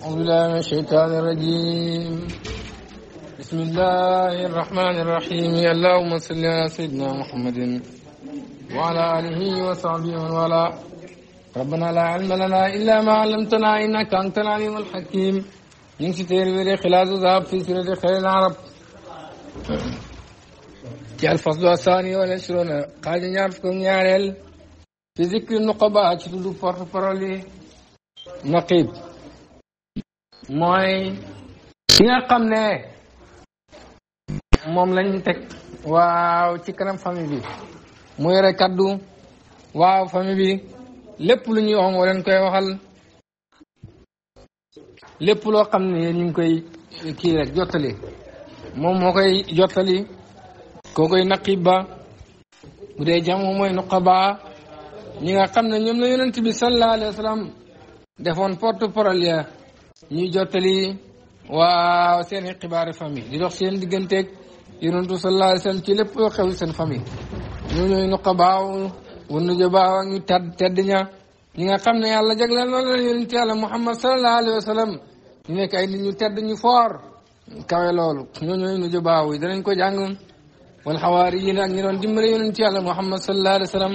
أعوذ بالله من الشيطان الرجيم بسم الله الرحمن الرحيم اللهم صل على سيدنا محمد وعلى آله وصحبه ومن والاه ربنا لا علم لنا إلا ما علمتنا إنك أنت العليم الحكيم من ستير ولي خلاص ذهب في سورة خير العرب جاء الفصل الثاني والعشرون قال نعرفكم يا ريل في ذكر النقباء تدلو فرفر لي نقيب mooy ki nga xam ne moom lañ teg waaw ci kanam famille bi mu yore kaddu waaw famille bi lépp lu ñuy wax moo leen koy waxal lépp loo xam ne ñu ngi koy kii rek jottali moom moo koy jottali koo koy naqib ba bu dee jamono mooy nuqaba ñi nga xam ne ñoom la yonent bi sallallahu alayhi defoon porte parole ya ñuy jottali waaw seen i xibaaru famille di dox seen digganteeg yonentu sallallahu alayhi wasallam ci lépp loo xew seen famille ñoo ñooy nuqabaaw wan nu jobaaw ak ñu tedd tedd ña ñi nga xam ne yàlla jagleel loolu la yonent yàlla muhammad sallallahu alayhi wasallam ñu nekk ay nit ñu tedd ñu foor kawe loolu ñoo ñooy nu jobaaw yi danañ ko jàng wal xawaari yi ak ñi doon dimbale yonent yàlla muhammad sallallahu alayhi wasallam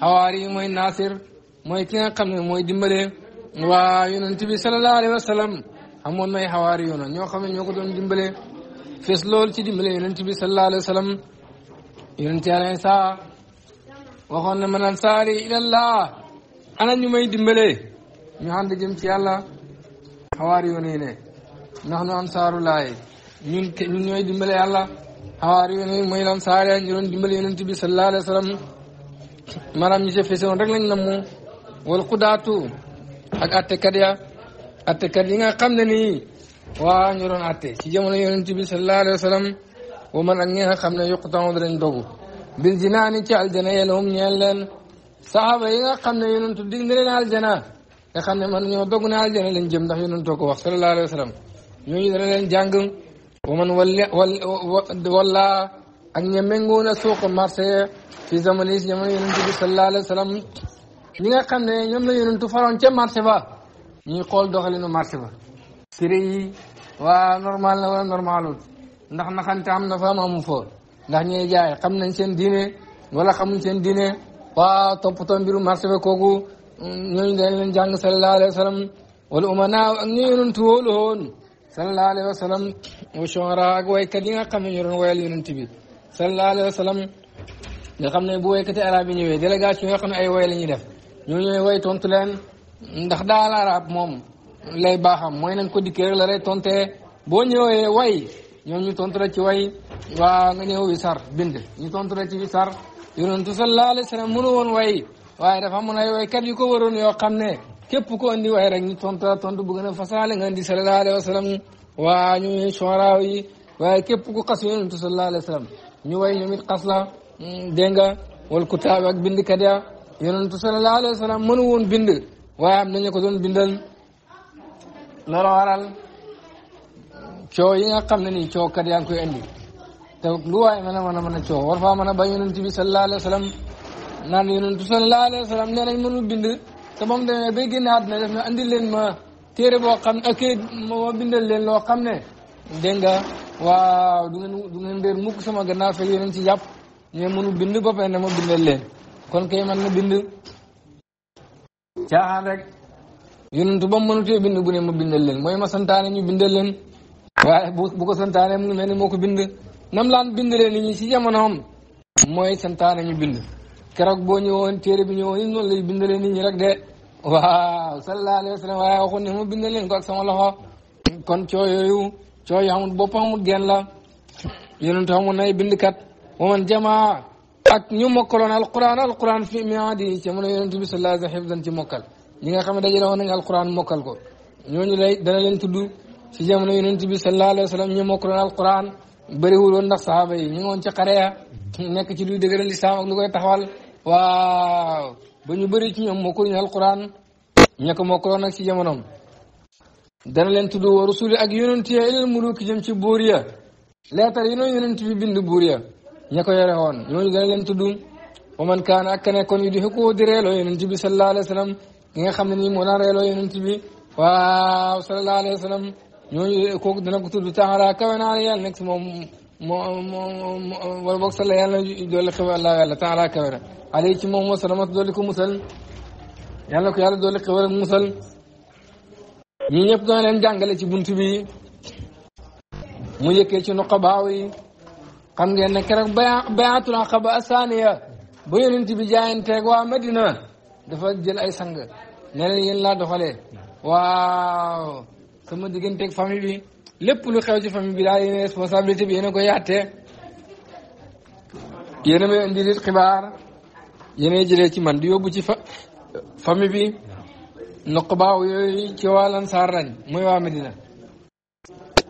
xawaari yi mooy naasir mooy ki nga xam ne mooy dimbale waa yonent bi sallallahu alayhi wa sallam amoon nay xawaari yoona ñoo xam ñoo ko doon dimbale fees lool ci dimbale yonent bi sallallahu alayhi wa sallam yonent yàlla saa waxoon na man ansaari ilallah ana ñu may dimbale ñu ànd jëm ci yàlla xawaari yoona yi ne ndax nu ansaaru laay ñun ñun ñooy dimbale yàlla xawaari yoona yi mooy lan saare ñu doon dimbale yonent bi sallallahu alayhi wa sallam maanaam ñi ca feesoon rek lañ namu wal xudaatu ak attekat ya attekat yi nga xam ne nii waa ñu doon atte ci jamono yonent bi sallallahu alayhi wa sallam wa man ak ñi nga xam ne yuqtamu danañ dogu bil jinaani ci aljana yelhum ñeel leen saxaaba yi nga xam ne yonentu dig na leen aljana nga xam ne man ñoo dogu na aljana lañ jëm ndax yonentoo ko wax sallallahu alayhi wa sallam ñooñu dana leen jàng wa man walla walla ak ña méngoo na suuq marché fi zamani si jamono yonent bi sallallahu alayhi wa sallam ñi nga xam ne ñoom la yonentu faroon ca marché ba ñuy xool doxalinu marché ba prix waa normal na wala normalul ndax naxante am na fa am amu foor ndax ñuy jaay xam nañ seen diine wala xamuñ seen diine waa toppatoo biru marché ba kooku ñooñu dañ leen jàng sallallahu alayhi wa sallam wala umanaaw ak ñu yonentu wóolu woon sallallahu alayhi wa sallam wa shu'ara ak waykat yi nga xam ne ñu doon woyal yonent bi sallallahu alayhi wa sallam nga xam ne bu waykati arab yi ñëwee délégation yoo xam ne ay woy la ñuy def ñooñu ne way tontu leen ndax daal arab moom lay baaxam mooy nañ ko di rek la lay tonte boo ñëwee way ñoom ñu tontu la ci way waa nga ñëw wisar bind ñu tontu la ci wisar yonentu sallallahu alayhi wa sallam mënu woon way waaye dafa mën ay waykat yu ko waroon yoo xam ne képp ko andi way rek ñu tontu la tontu bu gën a fasaale nga andi sallallahu waa ñu sooraaw yi waaye képp ku xas yonentu sallallahu ñu way ñoom it la hmm, dégg nga wal kutaab ak bindkat ya yonentu sallallahu alayhi wa sallam mënu woon bind waaye am nañu ko doon bindal loolu waral coow yi nga xam ne nii coow yaa ngi koy indi te lu waaye mën a a mën a coow war faa mën a ba yonent bi sallallahu alayhi wa sallam naan yonentu sallallahu alayhi wa sallam nee bind te moom demee bay génn àdduna def na andi leen ma téere boo xam ne ak ma bindal leen loo xam ne dégg nga waaw du ngeen du ngeen sama gannaaw fekk yéen ci jàpp ñu mënul bind ba pare ne ma bindal kon kay man na bind caaxaan rek yonentu ba mu mënutee bind bu ne ma bindal mooy ma santaane ñu bindal leen waaye bu bu ko santaane mu ko bind nam laan bind leen mooy santaane ñu bind keroog boo ñëwoon téere bi ñëwoon it noonu lay bindalee nit ñi rek de waaw sallallahu alayhi wa waaye waxoon ne ma bindal leen ko ak sama loxo kon coo yooyu coo yu xamul bopp xamul genn la yonentu xamul jamaa ak ñu mokkaloon alquran alquran fi miadi ci mën a yonent bi sallallahu alayhi wa sallam ci mokkal ñi nga xam ne dajale woon nañ alquran mokkal ko ñooñu lay dana leen tudd ci jamono yonent bi sallallahu alayhi wa sallam ñu mokkaloon alquran bëriwul woon ndax sahaaba yi ñu ngi woon ci xareya nekk ci luy dëgëral lislaam ak lu koy taxawal waaw ba ñu bëri ci ñoom mokkaluñu alquran ña ko mokkaloon nag ci jamonoom dana leen tudd wa rusuli ak yonent ya ilal muluki jëm ci buur ya leetar yi noonu yonent bi bind buur ya ña ko yore woon ñooñu dana leen tudd wa man kaan ak ka nekkoon yu di xëkkoo di reeloo yonent bi sallallahu alayhi wa sallam ki nga xam ne nii moo daan reeloo yonent bi waaw sallallahu alayhi wa sallam ñooñu kooku dana ko tudd taala kawe naa la yàlla nekk si moom moo moo wala boog salla yàlla doole xewal laa yàlla taala kawe na alay ci moom moo salamat doole ko musal yàlla ko yàlla doole xewal ak musal ñii ñëpp dana leen jàngale ci bunt bi mu yëkkee ci nuqabaaw yi xam ngeen ne keroog bayaatul aqaba asaniya ba yonent bi jaayanteeg waa Medina dafa jël ay sang ne leen yéen laa doxalee waaw sama digganteeg famille bi lépp lu xew ci famille bi daal yéen responsabilité bi yéen a koy yàttee yéen a may xibaar yéen a ci man di yóbbu ci fa famille bi noq baaw yooyu ci waa Ansaar lañ mooy waa Medina.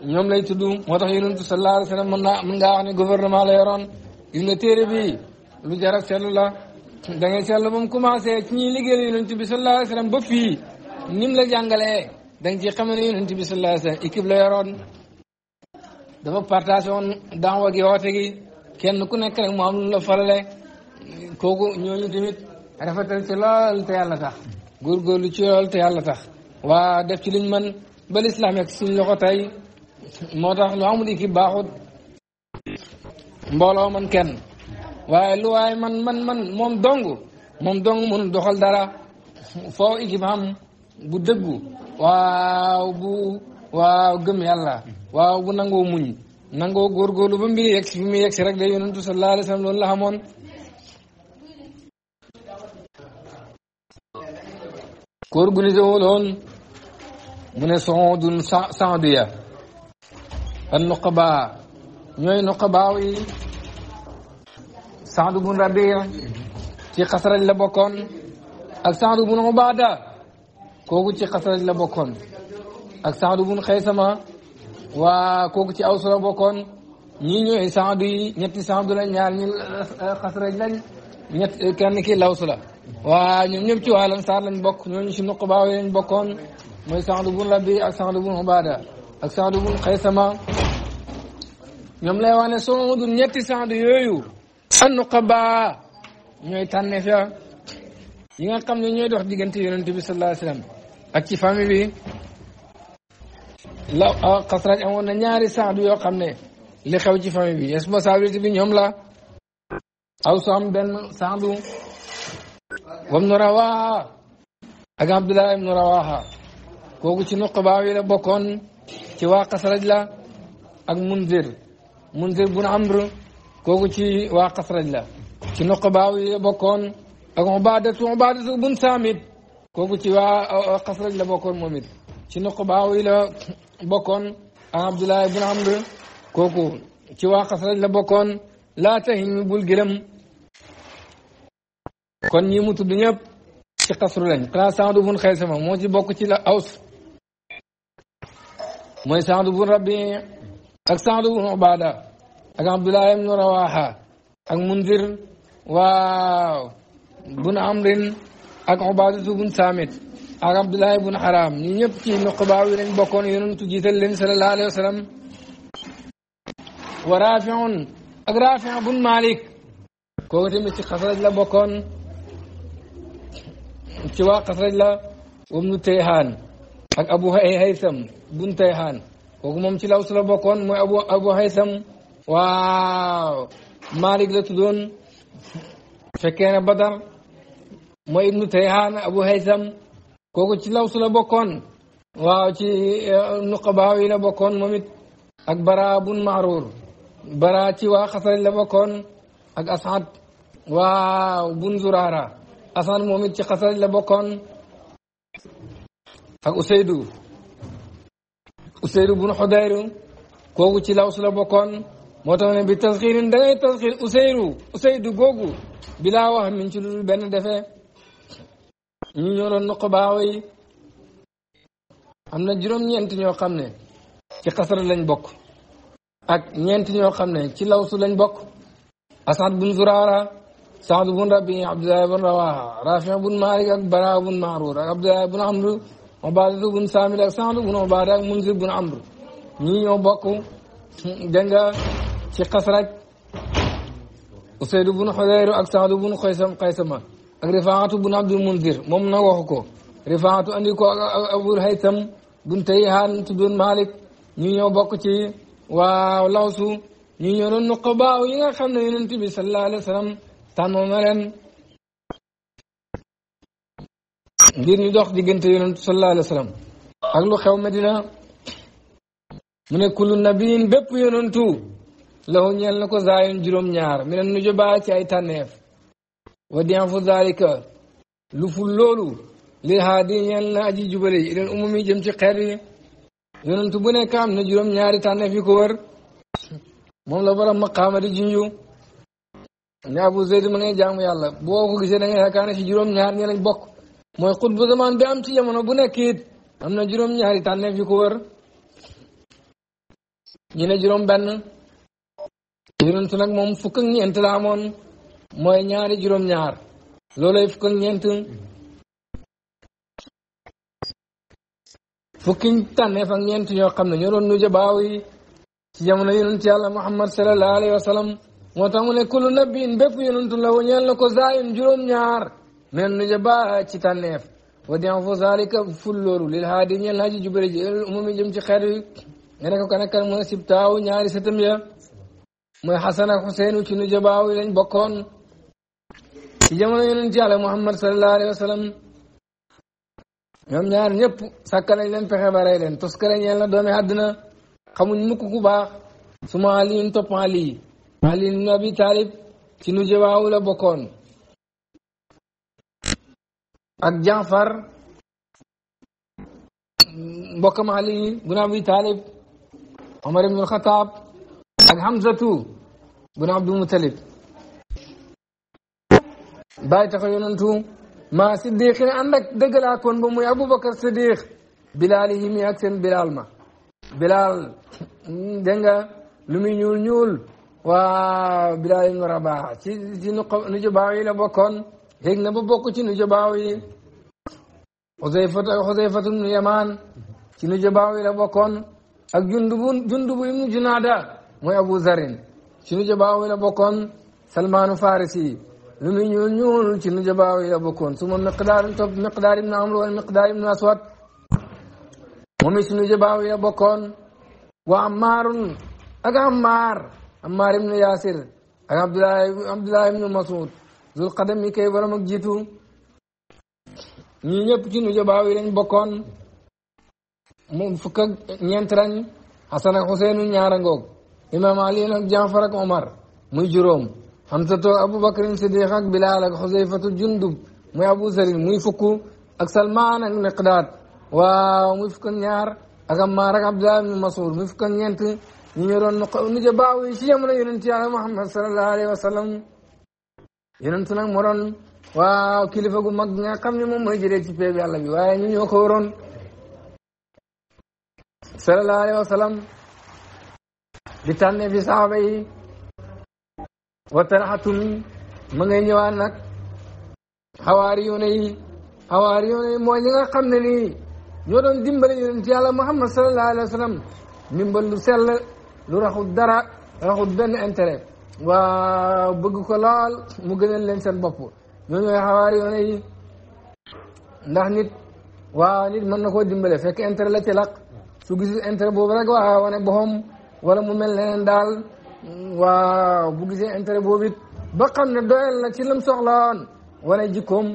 ñoom lay tudd moo tax yonentu sallallahu alayhi wa sallam mën naa mën ngaa wax ne gouvernement la yoroon la da ngay seetlu ba mu ci bi sallallahu alayhi wa sallam ba la jàngalee da nga ciy xamee ne yonent bi sallallahu alayhi wa sallam équipe la yoroon dafa partagé woon gi kenn ku nekk rek mu am la farale kooku ñooñu tamit rafetal ci waa def ci liñ mën ba lislaam ak suñ loxo tey moo tax lu amul équipe baaxut mbooloo man kenn waaye lu waaye man man man moom dong moom dong mënul doxal dara foo équipe xam bu dëggu waaw bu waaw gëm yàlla waaw bu nangoo muñ nangoo góorgóorlu ba lu ba si fi rek day yonentu sallallahu alayhi wa sallam loolu la xamoon ko organisé woon mu ne sondun sandu النقباء نوي نقباوي سعد بن ربيع تي قصر لبوكون اك سعد بن عباده كوكو تي قصر لبوكون اك سعد بن خيسما وا كوكو تي اوسر بوكون ني نوي سعد ني نيت سعد لا نيار ني قصر لا نيت كان كي لاوسلا وا نيم نيم تي والان سار لا نبوك نيو ني سي نقباوي لا نبوكون موي سعد بن ربيع اك سعد بن عباده اك سعد بن خيسما ñoom lay wax ne soo udul ñetti sand yooyu annu xaba ñooy tànneef ya yi nga xam ne ñooy dox diggante yonent bi sallallahu alayhi wasallam ak ci famille bi la xasraj amoon na ñaari sand yoo xam ne li xew ci famille bi responsabilité bi ñoom la aw so am benn wam nu rawaha ak abdullah ibnu rawaha kooku ci nuqabaa yi la bokkoon ci waa xasraj la ak munzir Munzir bun Amr kooku ci waa Xasraj la ci noqabaaw yi bokkoon ak Ubaadatu Ubaadatu bun Saamit kooku ci waa Xasraj la bokkoon moom it ci noqabaaw yi la bokkoon ak Abdullahi bun Amr kooku ci waa Xasraj la bokkoon laa tahin mi bul gërëm kon ñi mu tudd ñëpp ci xasru lañ xanaa Saadu bun Xaysama moo ci bokk ci la Aws mooy Saadu bun Rabi ak Saad ibn Ubaada ak Abdullah ibn Rawaha ak Munzir waaw bun Amrin ak Ubaadatu bun Saamit ak Abdullah ibn Haram ñi ñëpp ci nuqabaa yi lañ bokkoon yonentu jiital leen sallallahu alayhi wa sallam wa Raafiun ak Raafi bun Malik kooku tamit ci Xasraj la bokkoon ci waa Xasraj la wam nu Tayhaan ak Abu Haysam bun Tayhaan kooku moom ci law su la bokkoon mooy abu abu haysam waaw malik la tuddoon fekkee ne badar mooy ibnu tayhaan abu haysam kooku ci law su la bokkoon waaw ci eh, nuqabaaw yi la bokkoon moom it ak bara bun maaruur bara ci waa xasaraj la bokkoon ak asad waaw bun zuraara asad moom it ci xasaraj la bokkoon ak useydu Useyru bun Xudayru kooku ci laws la bokkoon moo tax ne bi tasxiirin da ngay tasxiir Useyru Useydu googu bilaa wax min ci lu dul benn defee ñu ñoo doon nuq am na juróom-ñeent ñoo xam ne ci xasara lañ bokk ak ñeent ñoo xam ne ci lawsu lañ bokk asad bun zuraara saad bun rabi abdullahi bun rawaha rafi bun malik ak bara bun bun amru Ubaadatu bun Saamit ak Saadu bun Ubaada ak Munzir bun Amr ñii ñoo bokk dégg nga ci Xasraj Useydu bun Xudayr ak Saadu bun Xaysam Xaysama ak Rifaatu bun Abdul Munzir moom na waxu ko Rifaatu andi ko ak Abul Haytam bun Tayhaan tuddoon Maalik ñii ñoo bokk ci waaw Lawsu ñii ñoo doon nuqabaaw yi nga xam ne Yonent bi sallallahu alayhi wa sallam tànnoon na leen ngir ñu dox diggante yonentu sallallahu alayhi wa sallam ak lu xew Medina mu ne kullu nabiin bépp yonentu lahu ñeel na ko zaayun juróom-ñaar mi nen nu jobaa ci ay tànneef wa dien fu zalika lu ful loolu li haadi ñeel na aji jubale yi ileen umum yi jëm ci xeet yi yonentu bu nekk am na juróom-ñaari tànneef yi ko wër moom la borom maqaama di junju ne Abu Zayd ma ngay jaamu yàlla boo ko gisee da ngay yaakaar ne si juróom-ñaar ñi lañ bokk mooy xutbu zaman bi am ci jamono bu nekk it am na juróom-ñaari tànneef yu ko wër ñu ne juróom-benn yonentu nag moom fukk ak ñeent la amoon mooy ñaari juróom-ñaar loolay fukk ak ñeent fukki tànneef ak xam ne ñoo doon nuja baaw yi ci jamono yonent yàlla muhammad sallallahu alayhi wa sallam tax mu ne kullu nabiin bépp yonentu la ko zaayun juróom-ñaar men nu jaba ci tànneef wa den fo zalika ful loolu lil haadi ñeel ji ilal umami jëm ci xeet wi nga ne ko kan ak kan mooy sibtaaw ñaari sëtam ya mooy xasan ak xuseenu ci nu jabaaw yi lañ bokkoon ci jamono yonent yàlla muhammad sallallahu alayhi wa sallam ñoom ñaar ñëpp sàkka nañ leen pexe ba leen toskare ñeel na doomi àddina xamuñ mukk ku baax suma aliin topp ali ali ibn abi taalib ci nu jabaaw la bokkoon ak Jaafar mbokkam Ali bun Abi Talib Omar ibn Khattab ak Hamzatu bun Abdul Mutalib bàyyi taxa yonantu maa siddiqin ànd ak dëggalaa kon ba muy Aboubacar Siddiq bilaal yi mi ak seen bilaal ma bilaal dégg nga lu muy ñuul ñuul waa bilaal ibn Rabah ci ci nu baax yi la bokkoon yéeg na ba bokk ci nu jabaaw yi xuseyfata xuseyfatu nu yamaan ci nu jabaaw yi la bokkoon ak jundubu jundubu ibnu junaada mooy abu zarin ci nu jabaaw yi la bokkoon salmaanu farisi lu muy ñuul ñuul ci nu jabaaw yi la bokkoon su ma miqdaar topp miqdaar ibnu amr wala miqdaar ibnu aswad moom it ci nu jabaaw yi la bokkoon wa ammaarun ak ammaar ammaar ibnu yaasir ak abdullah abdullah ibnu masuud zul xadam mi kay borom ak jiitu ñii ñëpp ci nujabaaw yi lañ bokkoon mu fukk ak ñeent lañ Xasan ak Xuseenu ñaara ngoog imaam Ali ak Jaafar ak Omar muy juróom Hamsatu Abubakrin Siddiq ak Bilaal ak Xuseyfatu Jundub muy Abu Zarin muy fukk ak Salmaan ak Miqdaad waaw muy fukk ak ñaar ak Ammaar ak Abdullah ibn Mas'ud muy fukk ak ñeent ñu ñu doon nujabaaw yi ci jamono yonent Yàlla Muhammad sallallahu alayhi wa sallam yonent nag moo doon waaw kilifa gu mag nga xam ne moom mooy jëlee ci peeg yàlla bi waaye ñu ñoo ko waroon sallallahu alayhi wa sallam di tànne fi saxaaba wa taraxatum ma ngay ñëwaat nag xawaari yoone yi xawaari yoone yi mooy ñi nga xam ne nii ñoo doon dimbale yonent yàlla muhammad wa sallam ndimbal lu sell lu raxul dara raxul benn intérêt waa bëgg ko lool mu gënal leen seen bopp ñoo ñooy xawaari yoone yi ndax nit waaw nit mën na koo dimbale fekk intérêt la ci laq su gisul intérêt boobu rek waaw wane boxam wala mu mel leneen daal waaw bu gisee intérêt boobu it ba xam ne doyal la ci lam soxlawoon wane jikkom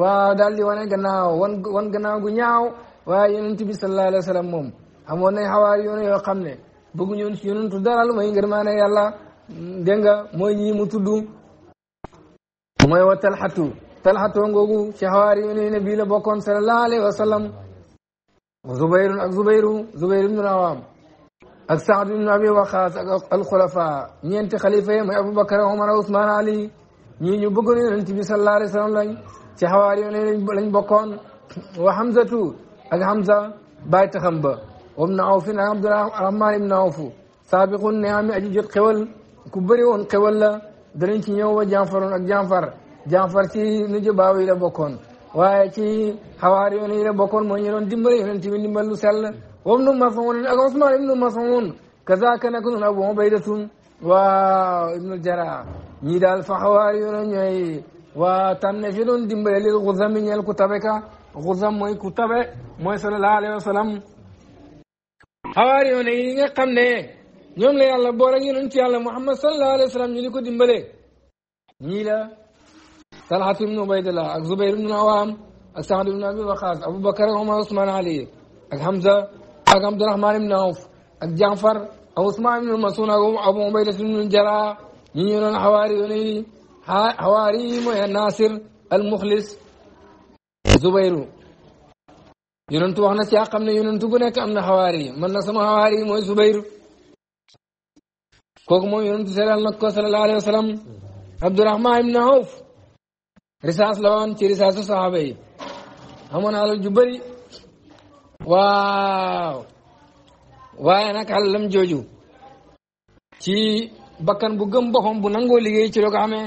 waa daal di wane gannaaw wan wan gannaaw gu ñaaw waaye yonent bi sallallahu alayhi wa sallam moom amoon nañ xawaari yoone yoo xam ne bëgguñu yonentu dara lu may ngërmaane yàlla dégg nga mooy ñii mu tudd mooy wa talxatu talxatu ngoogu ci xawaari yi ne bii la bokkoon sallallahu alayhi wa sallam zubayrun ak zubayru zubayr ibnu awaam ak saad ibnu abi waqaas ak alxulafa ñeenti xalifa yi mooy aboubacar omar ousmane ali ñii ñu bëggoon yonent bi sallallahu alayhi wa sallam lañ ci xawaari yi lañ bokkoon wa hamzatu ak hamza bàyyi taxam ba wam na awfin ak abdurahman ibnu awfu saabiqun ne ami aji jot xewal ku bëri woon xewal la danañ ci ñëw wa janfaroon ak janfar janfar ci nuju baaw yi la bokkoon waaye ci xawaar yoon yi la bokkoon moo ñu doon dimbali yonent bi ndimbal lu sell wam nu masamoon ak Usmaan ibnu masamoon kazaka nak nun Abu Ubaydatum waa ibnu Jaraa ñii daal fa wa yoon ñooy waa tànne fi doon dimbale lil xuzami ñeel ku tabe ka xuzam mooy ku tabe mooy sallallahu alayhi wa sallam xawaar yi nga xam ne ñoom la yàlla boole ak yonent yàlla Muhammad sallallahu alayhi wa sallam ñu di ko dimbalee ñii la Talhat ibnu Ubaydillah ak Zubayr ibnu Awaam ak Saad ibnu Abi Waqaas Aboubacar ak Omar Ousmane Ali ak Hamza ak Abdurahman ibnu Awf ak Jaafar ak Ousmane ibnu Masuun ak Abu Ubayda ibnu Jaraa ñi ñu doon xawaari yoone yi xawaari yi mooy Nasir al Muxlis Zubayru yonentu wax na ci xam ne yonentu bu nekk am na xawaari man na sama xawaari yi mooy Zubayru kooku moom yonent seeral na ko sallallahu alayhi wa sallam Abdurahman ibn risaas la woon ci risaasu saxaaba amoon alal ju bëri waaw waaye nag alalam jooju ci bakkan bu gëm bu nangoo liggéey ci la ko amee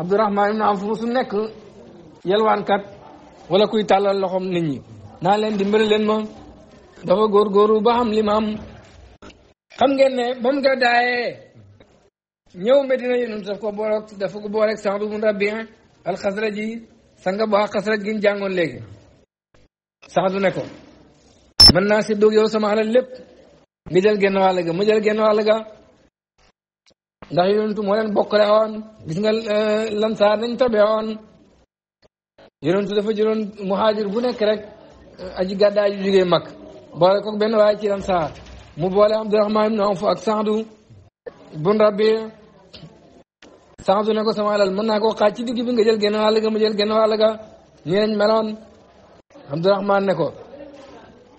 Abdurahman ibn Awf musu nekk yalwaankat wala kuy tàllal loxoom nit naa leen dimbali ma dafa góorgóorlu ba am li xam ngeen ne ba mu gàddaayee ñëw Medina yonent daf ko boole dafa ko boole ak Saad ibn Rabi'a al-Xasraji sanga bu Xasraj gi ñu jàngoon léegi Saadu ne ko mën naa si dóog yow sama alal lépp nga jël genn wàll ga mu jël genn wàll ga ndax yonentu moo leen bokkale woon gis nga lansaar nañ tabe woon yonentu dafa jëloon muhaajir bu nekk rek aji gàddaay ju jógee mag boole ko benn waaye ci lansaar mu boole Abdurahmaan ibn Awf ak Saadu bun Rabi Saadu ne ko sama alal mën naa koo xaaj ci digg bi nga jël genn wàll ga mu jël genn wàll ga nii lañ meloon Abdurahmaan ne ko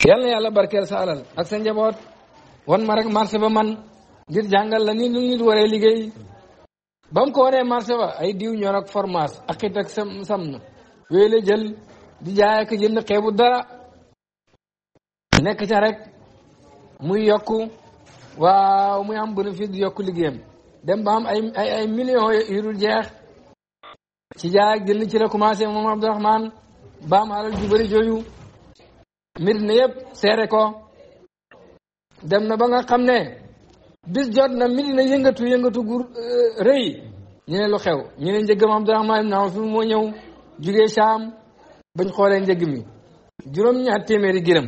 yal na yàlla barkeel sa alal ak sa njaboot wan ma rek marché ba man ngir jàngal la ni lu waree liggéey ba koo ko waree marché ba ay diw ñor ak ak xit ak sam sam na wéy jël di jaay ak jënd xeebu dara nekk ca rek muy yokk waaw muy am bénéfice di yokk liggéeyam dem ba ay ay millions yu dul jeex ci jaay jënd ci la commencé moom Abdourahman ba am alal ju jooju mbir na yëpp seere ko dem na ba nga xam ne bis jot na mbir na yëngatu yëngatu gu euh, rëy ñu ne lu xew ñu ne njëggam moo ñëw jugee Saam bañ xoolee njeg mi juróom-ñaar téeméeri gërëm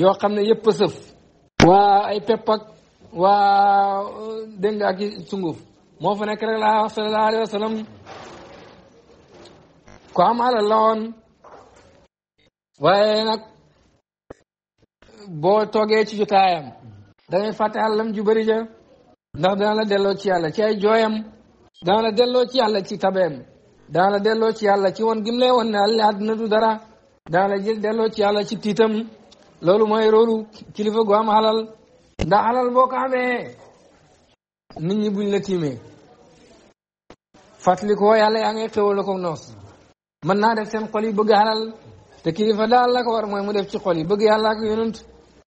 yoo xam ne yëpp sëf waa ay pepp ak waa dégg nga sunguf moo fa nekk rek laa wax sallallahu alayhi am alal la woon waaye nag boo toogee ci jotaayam dangay fàtte alalam ju bëri ja ndax dana la delloo ci yàlla ci ay jooyam dana la delloo ci yàlla ci tabeem dana la delloo ci yàlla ci woon gim lay woon ne àddina du dara dana la delloo ci yàlla ci tiitam loolu mooy rôlu kilifa gu am xalal ndax xalal amee nit ñi buñ la tiimee fàttali ko yàlla yaa ngay xéwal noos mën naa def seen xol yi bëgg xalal te kilifa daal la ko war mooy mu def ci xol yi bëgg yàlla ak yonent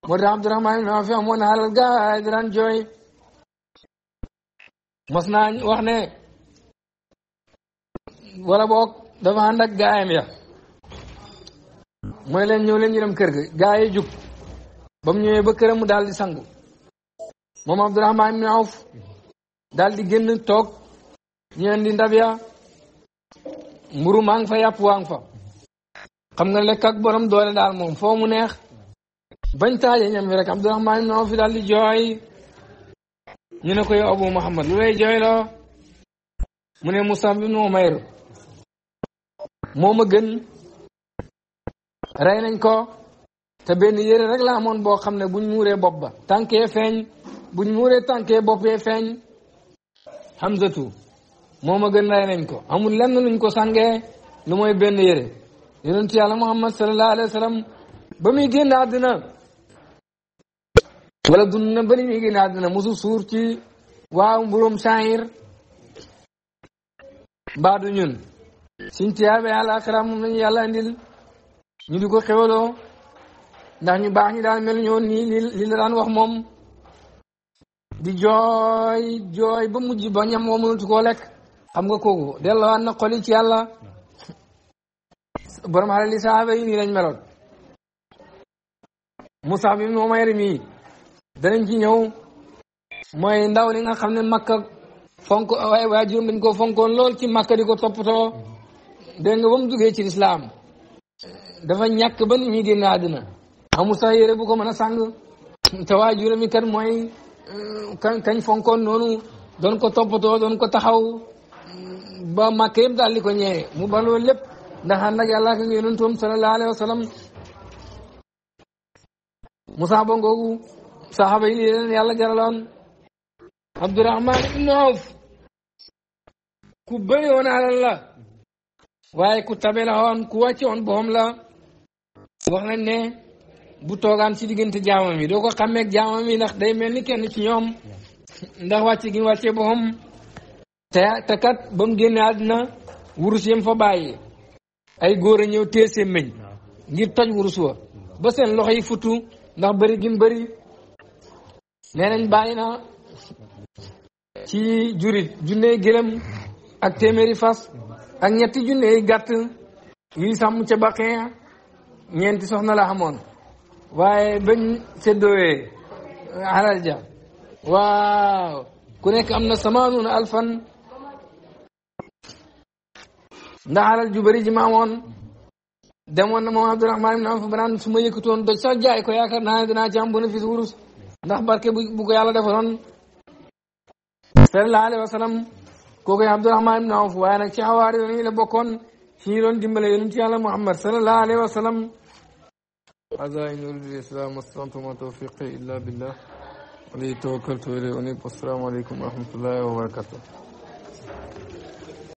moo tax Abdourahman ibn Awf amoon na xalal gaa mos naa wax ne wala boog dafa ànd ak gaayam mooy leen ñëw leen ñu dem kër ga gaa yi jug ba mu ñëwee ba këram mu daal di sangu moom Abdurahmaan ibn Awf daal di génn toog ñeen di ndab ya mburu maa ngi fa yàpp waa ngi fa xam nga lekk ak borom doole daal moom foo mu neex bañ taaje ñam yi rek Abdurahmaan ibn Awf daal di jooy ñu ne ko yow Abu Muhammad lu lay jooyloo mu ne Musab ibn Umayr moo ma gën rey nañ ko te benn yére rek la amoon boo xam ne buñ muuree bopp ba tànkee feeñ buñ muuree tànkee boppee feeñ Hamzatu moom a gën rey nañ ko amul lenn luñ ko sàngee lu mooy benn yére yonent yàlla Muhammad sallallahu alayhi wa sallam ba muy génn àddina wala dund na ba ni muy génn àddina ci waaw mburum shahir baadu ñun suñ tiyaabe àlaxira moom lañu yàlla ñu di ko xewaloo ndax ñu baax ñi daan mel ñoon nii li la daan wax moom di jooy jooy ba mujj ba ñam moo mënatu koo lekk xam nga kooku delluwaat na xol ci yàlla borom xale li saaba yi nii lañ meloon Musaab bi mu Umayr mii danañ ci ñëw mooy ndaw li nga xam ne Makka fonk waaye waajuram dañ ko fonkoon lool ci Makka di ko toppatoo dégg nga ba mu duggee ci lislaam dafa ñàkk ban mi génn naa amu sax yére bu ko mën a sàng te waajuram mi kat mooy euh, kañ kañ fonkoon noonu doon ko toppatoo doon ko taxaw ba màkk daal di ko ñeewe mu baloo lépp ndax ànd ak yàlla ak yonentam sallallahu alayhi wa ngoogu saxaaba yi lii leen yàlla jaraloon Abdurahman ku bëri woon alal waaye ku tabe la woon ku wàcce woon boxam la wax na ne bu toogaan ci diggante jaamam yi doo ko xamee jaamam yi ndax day mel ni kenn ci ñoom ndax wàcce gi wàcce boxam te te kat ba mu génne àddina wurus yam fa bàyyi ay góor a ñëw téye seen ngir toj wurus wa ba seen loxo yi futu ndax bëri gi mu bëri nañ bàyyi na ci jurit junney gëlëm ak téeméeri fas ak ñetti junne yi gàtt yuy sàmm ca baqin ñeenti soxna la xamoon waaye bañ séddoowee euh, alal ja waaw ku nekk am na samaanuuna alfan ndax alal ju bëri ji ma amoon demoon na moom Abdurahmaan ibn Awf banaan su ma yëkkatoon doj sax jaay ko yaakaar naa ne dinaa ci am wurus ndax barke bu ko yàlla defaloon sallallahu alayhi kooku Abdurahmaan ibn Awf waaye nag ci xawaari yooyu la bokkoon ci ñi doon dimbale yonent yàlla Muhammad sallallahu alayhi wa sallam هذا إن أريد الإسلام واستطعت وما توفيقي إلا بالله عليه توكلت وإليه أنيب والسلام عليكم ورحمة الله وبركاته